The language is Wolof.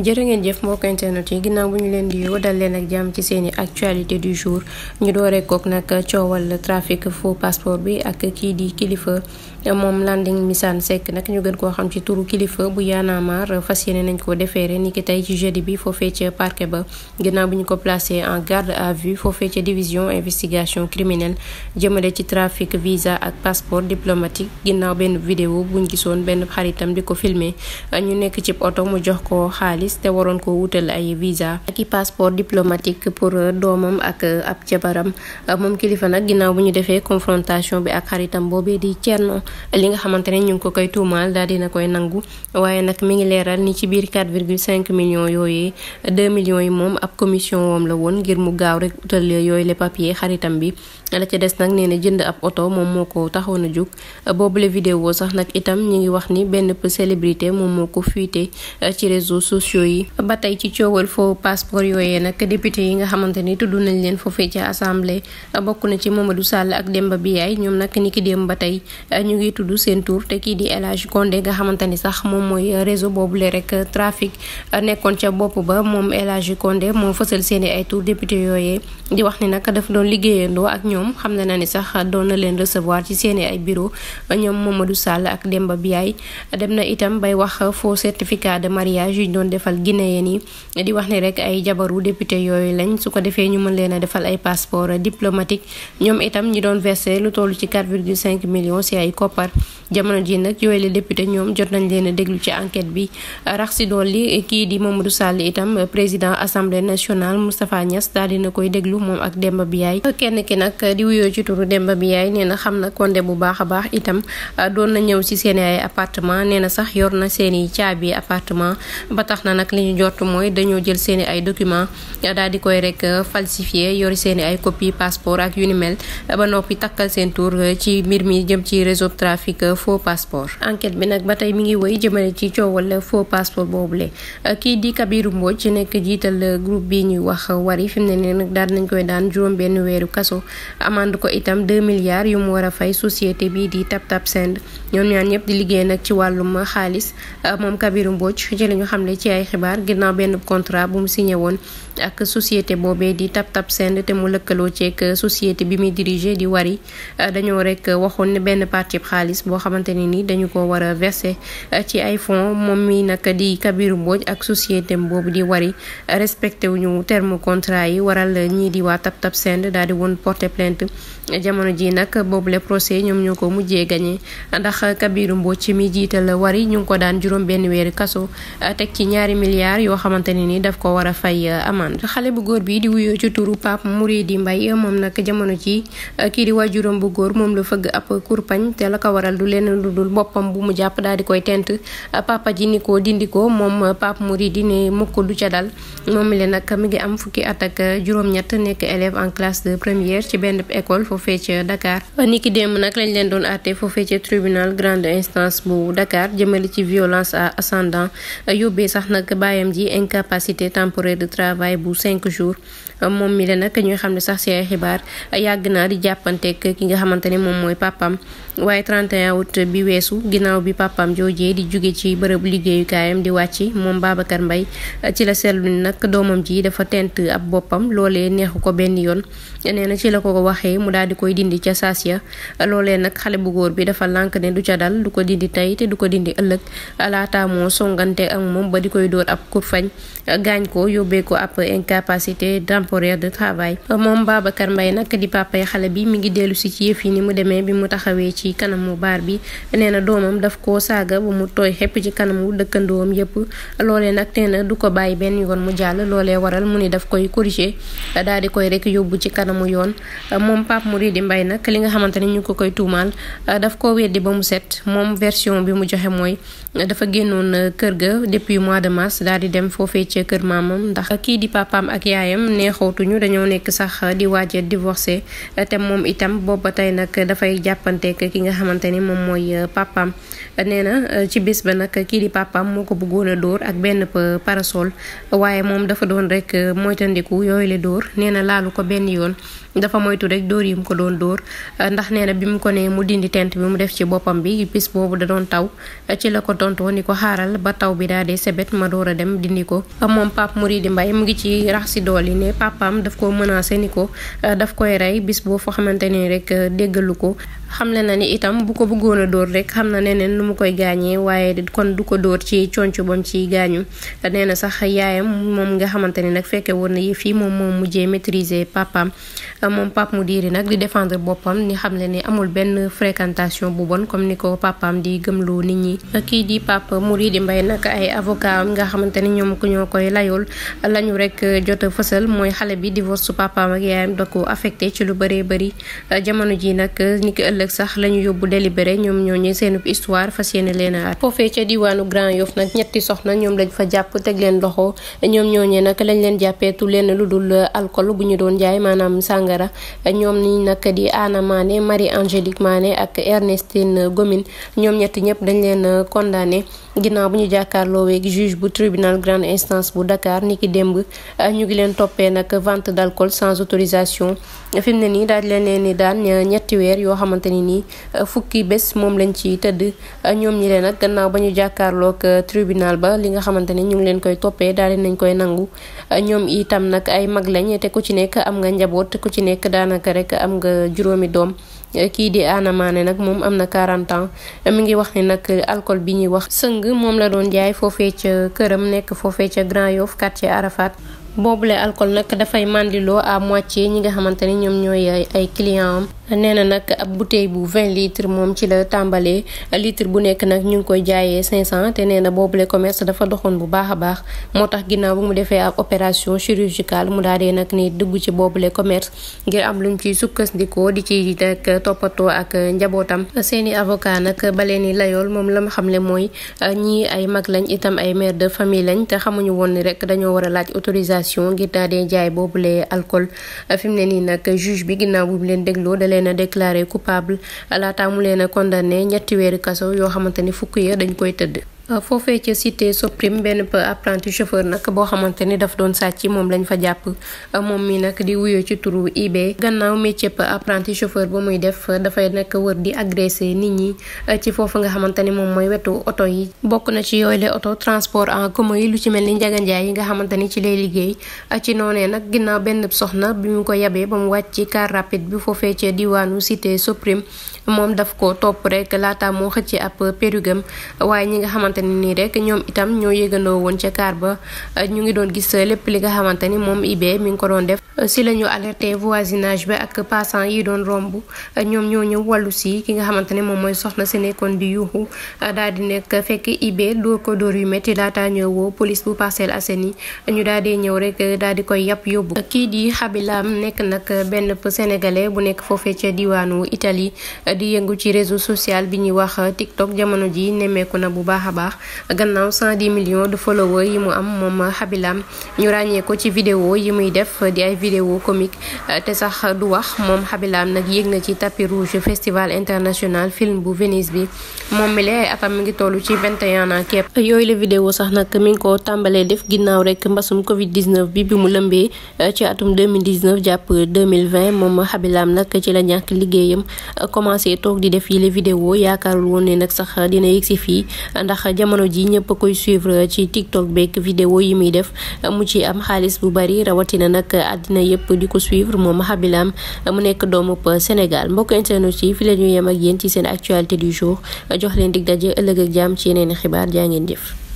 jërë ngeen jëf mbokk internet yi ginnaaw bu ñu leen di wadal leen ak jàmm ci seeni actualité du jour ñu dooree kook nag coowal trafic faux passeport bi ak kii di kilifa moom Landing Missane Seck nag ñu gën koo xam ci turu kilifa bu yaanaamaar fas yéene nañ ko defeere ni ki tey ci jeudi bi foofee ca parquet ba ginnaaw bi ñu ko placé en garde à vue foofee ca division investigation criminelle jëmale ci trafic visa ak passeport diplomatique ginnaaw benn vidéo buñ gisoon benn xaritam di ko filmer ñu nekk ci oto mu jox ko xaalis te waroon ko wutal ay visa ak i passeport diplomatique pour doomam ak ab jabaram moom kilifa nag ginnaaw bu ñu defee confrontation bi ak xaritam boobee di Thierno li nga xamante ne ñu ngi ko koy tuumaal daal dina koy nangu waaye nag mi ngi leeral ni ci biir 4,5 millions yooyu 2 millions yi moom ab commission woom la woon ngir mu gaaw rek utal yooyu les papiers xaritam bi la ca des nag nee na jënd ab oto moom moo ko taxoon a jóg boobule vidéo sax nag itam ñu ngi wax ni benn célébrité moom moo ko fiite eh, ci réseaux sociaux yi ba tey ci coowal faux passeport yooyee nag député yi nga xamante ni tudd nañ leen foofee ci assemblée eh, bokk na ci Mamadou Sall ak Demba Biaye ñoom nag ni ba tey eh, ngi tudd seen tur te kii di El Hadj Condé nga xamante ni sax moom mooy réseau boobule rek trafic nekkoon ca bopp ba moom El Hadj Condé moo fësal seen i ay tur député yooyee di wax ni doon liggéeyandoo ak ñoom xam na ni sax doon na leen recevoir ci seen i ay bureau ñoom Mamadou Sall ak Demba Biaye dem na itam bay wax foo certificat de mariage yu doon defal guinéen yi di wax ni rek ay jabaru député yooyu lañ su ko defee ñu mën leen a defal ay passeport diplomatique ñoom itam ñi doon versé lu toll ci 4,5 millions si ay koppar koppar jamono ji nag yooyu la député ñoom jot nañ leen déglu ci enquête bi rax si dolli kii di du Sall itam président assemblée nationale Moustapha Niass daal na koy déglu moom ak Demba Biaye kenn ki nag di wuyoo ci turu Demba Biaye nee na xam na Condé bu baax a baax itam doon na ñëw ci seen ay apartement nee na sax yor na seen i caabi appartement ba tax na nag li jot mooy dañoo jël seen i ay document daal di koy rek falsifié yori seen ay copie passeport ak ci mbir mi jëm ci réseau trafic faux passeport enquête bi nag ba tey mi ngi woy jëmale ci coowal faux passeport boobule kii di Kabirou Mbodj nekk jiital groupe bi ñuy wax Wari fi mu ne nii nag daal nañ koy daan juróom benn weeru kaso amande ko itam 2 milliards yu mu war a fay société bii di tab tab Send ñoom ñaan ñëpp di liggéey nag ci wàllum xaalis moom Kabirou Mbodj ci la xam xamle ci ay xibaar ginnaaw benn contrat bu mu signé woon ak société boobee di tab tab Send te mu lëkkaloo ceeg société bi muy dirigé di Wari dañoo rek waxoon xaalis boo xamante ne ni dañu ko war a verser eh, ci ay fonds moom mi nag di Kabirou Mbodj ak société boobu di Wari eh, respecté wuñu terme contrat yi waral ñii di waa Tap Tap Send daal di woon porte plainte jamono ji nag boobu le procès ñoom ñoo ko mujjee gagné ndax Kabirou Mbodj ci mi jiital Wari ñu ngi ko daan juróom benn weeri kaso eh, teg ci ñaari milliards yoo xamante ne ni daf ko war a fay amende xale bu góor bi di wuyoo ci turu Pape Mouridi Mbaye moom jamono ji di waajuram moom la ko waral du leneen lu dul boppam bu mu jàpp daal di koy tent papa ji ni ko dindi ko moom Pape Mouridi ne mukk du ca dal moom la nag mi ngi am fukki at ak juróom-ñett nekk élève en classe de première ci benn école foofee ca Dakar. niki démb nag lañ leen doon àtte foofee ca tribunal grande instance bu dakaar jëmale ci violence à ascendant yóbbee sax nag baayam ji incapacité temporaire de travail bu cinq jours. moom mi la nag ñuy xam ne sax si ay xibaar yàgg naa di jàppanteeg ki nga xamante ne moom mooy papam waaye 31 août bi weesu ginnaaw bi papam joojee di jóge ci bërëb liggéeyukaayam di wàcc moom Babacar mbay ci la seetlu ni nag doomam ji dafa tent ab boppam loolee neexu ko benn yoon nee na ci la ko ko waxee mu daal di koy dindi ca saas ya loolee nag xale bu góor bi dafa lank ne du ca dal du ko dindi tey te du ko dindi ëllëg laata moo songante ak moom ba di koy dóor ab kurfañ ko yóbbee ko ab temporaire de travail moom Babacar Mbaye nag di papay xale bi mi ngi dellu si ci yëf yi ni mu demee bi mu taxawee ci kanamu baar bi nee na doomam daf koo saaga ba mu tooy xepp ci kanamu dëkkandoom yëpp loolee nag nee du ko bàyyi benn yoon mu jàll loolee waral mu ni daf koy corriger daal di koy rek yóbbu ci kanamu yoon moom Pape di mbay nag li nga xamante ni ñu ko koy tuumaal daf ko weddi ba mu set moom version bi mu joxe mooy dafa génnoon kër ga depuis mois de mars daal di dem foofee taxawtuñu dañoo nekk sax di waaje divorcé te moom itam booba tey nag dafay jàppanteek ki nga xamante ni moom mooy euh, papaam nee na euh, ci bis ba nag kii di papaam moo ko bëggoon a dóor ak benn euh, parasol waaye moom dafa doon rek moytandiku yooyu la dóor nee na laalu ko benn yoon dafa moytu rek dóor yi mu ko doon dóor ndax nee na bi mu ko ne mu dindi tent bi mu def ci boppam bi bis boobu da doon taw ci la ko tontoo ni ko xaaral ba taw bi daal di sebet ma door a dem dindi ko moom Pape Mouride Mbaye mu ngi ci rax si papaam daf ko menacé ni ko euh, daf koy rey bis boo foo xamante ne rek euh, déggalu ko xamle na ni itam bu ko bëggoon a dóor rek xam na neneen lu mu koy gaañee waaye kon du ko dóor ci conc bam ciy gaañu nee na sax yaayam moom nga xamante ni nag fekke woon na yëf yi moom moom mujjee maîtriser papaam moom Pape Moudiry nag di défendre boppam ni xamle ni amul benn fréquentation bu bon comme ni ko papaam di gëmloo nit ñi kii di Pape Moudiry Mbaye nag ay avocat nga xamante ni ñoom ku ñoo koy layool lañu rek jot a fësal mooy xale bi divorce papaam ak yaayam da ko ci lu bëree bëri jamono ji nag ni ëllëg sax la ñu yóbbu délibéré ñoom ñoo ñu seenub histoire fas yéene leen a at foofee ca diwaanu Grand Yoff nag ñetti soxna ñoom lañ fa jàpp teg leen loxo ñoom ñooñee nag lañ leen jàppeetu leen lu dul alcool bu ñu doon jaay maanaam sàngara ñoom ni nag di Anna Mané Marie Angélique Mané ak Ernestine Gomine ñoom ñett ñëpp dañ leen condamné ginnaaw bu ñu jàkkaarloowee ak juge bu tribunal grande instance bu Dakar niki démb ñu ngi leen toppee nag vente d'alcool sans autorisation fi mu ne nii daal leen leen daan ñetti weer yoo xamante ni nii euh, fukki bés moom lañ ci tëdd euh, ñoom ñi leen nag gannaaw ba ñu jàkkaarloog euh, tribunal ba li nga xamante ni ñu ngi leen koy toppee daal di nañ koy nangu ñoom itam nag ay mag lañ te ku ci nekk am nga njaboot ku ci nekk daanaka rek am nga juróomi doom kii di Anna Mané nag moom am na 40 ans mu ngi wax ni nag alcool bi ñuy wax sëng moom la doon jaay foofee ca këram nekk foofee ca Grand Yoff quartier Arafat boobule alcool nag dafay mandiloo à moitié ñi nga xamante ni ñoom ñooy ay client am nee na nag ab bouteille bu 20 litres moom ci la tàmbalee litre bu nekk nag ñu ngi koy jaayee 500 te nee na boobule commerce dafa doxoon bu baax a baax moo tax ginnaaw mu defee ak opération chirurgicale mu daadee nag ni dugg ci boobule commerce ngir am luñ ciy sukkandikoo di ci nag toppatoo ak njabootam seeni avocat nag balee ni layool moom la ma xamle mooy ñii ay mag lañ itam ay mère de famille lañ te xamuñu woon ni rek dañoo war a laaj autorisation ngir daadee jaay boobu alcool fi mu ne nii nag juge bi ginnaaw bu leen dégloo dalee leen a déclaré coupable laata leen a condamné ñetti weeri kaso yoo xamante ni fukk ya dañ koy tëdd. foofee ca cité Soprim benn apprenti chauffeur nag boo xamante ni daf doon sàcc moom lañ fa jàpp moom mi nag di wuyoo ci turu eBay gannaaw métier apprenti chauffeur ba muy def dafay nag wër di agressé nit ñi ci foofu nga xamante ni moom mooy wetu oto yi bokk na ci yooyu la oto transport en commun yi lu ci mel ni njaganjaay yi nga xamante ni ci lay liggéey ci noonee nag ginnaaw benn soxna bi mu ko yabee ba mu wàcc ci car rapide bi foofee ca diwaanu cité Soprim moom daf ko topp rek laata moo xëcc ab pérugam waaye xamante ni nii rek ñoom itam ñoo yëgandoo woon ca kaar ba ñu ngi doon gis lépp li nga xamante ni moom Ibe mi ngi ko doon def si la ñu alerté voisinage bi ak passant yi doon romb ñoom ñoo ñëw wàllu si ki nga xamante ne moom mooy soxna si nekkoon di yuuxu daal di nekk fekk ibee dóor ko door yu métti laata ñëw woo police bu Parcelles Assainies ñu daal di ñëw rek daal di koy yàpp yóbbu kii di xabilaam nekk nag benn sénégalais bu nekk foofee ca diwaanu Italie di yëngu ci réseau social bi ñuy wax TikTok jamono ji nemmeeku na bu baax a baax gannaaw 110 millions de followers yi mu am moom xabilaam ñu ràññee ko ci vidéo yi muy def vidéo comique euh, te sax mi ko tàmbalee def ginnaaw rek mbasum covid bi bi mu lëmbee euh, ci atum 2019 jàpp 2020 moom xabilaam nag ci la euh, toog di def yi la vidéo yaakaarul woon ne nag sax dina yegg si fii ndax jamono ji ñëpp koy suivre ci tiktok beeg vidéo yi muy def mu ci am xaalis bu bari rawatina nag àddina àddina yëpp di ko suivre moom Habilam mu nekk doomu Sénégal mbokk internet ci fi la ñu yem ak yéen ci seen actualité du jour jox leen dig daje ëllëg ak jàmm ci yeneen xibaar jaa ngeen jëf.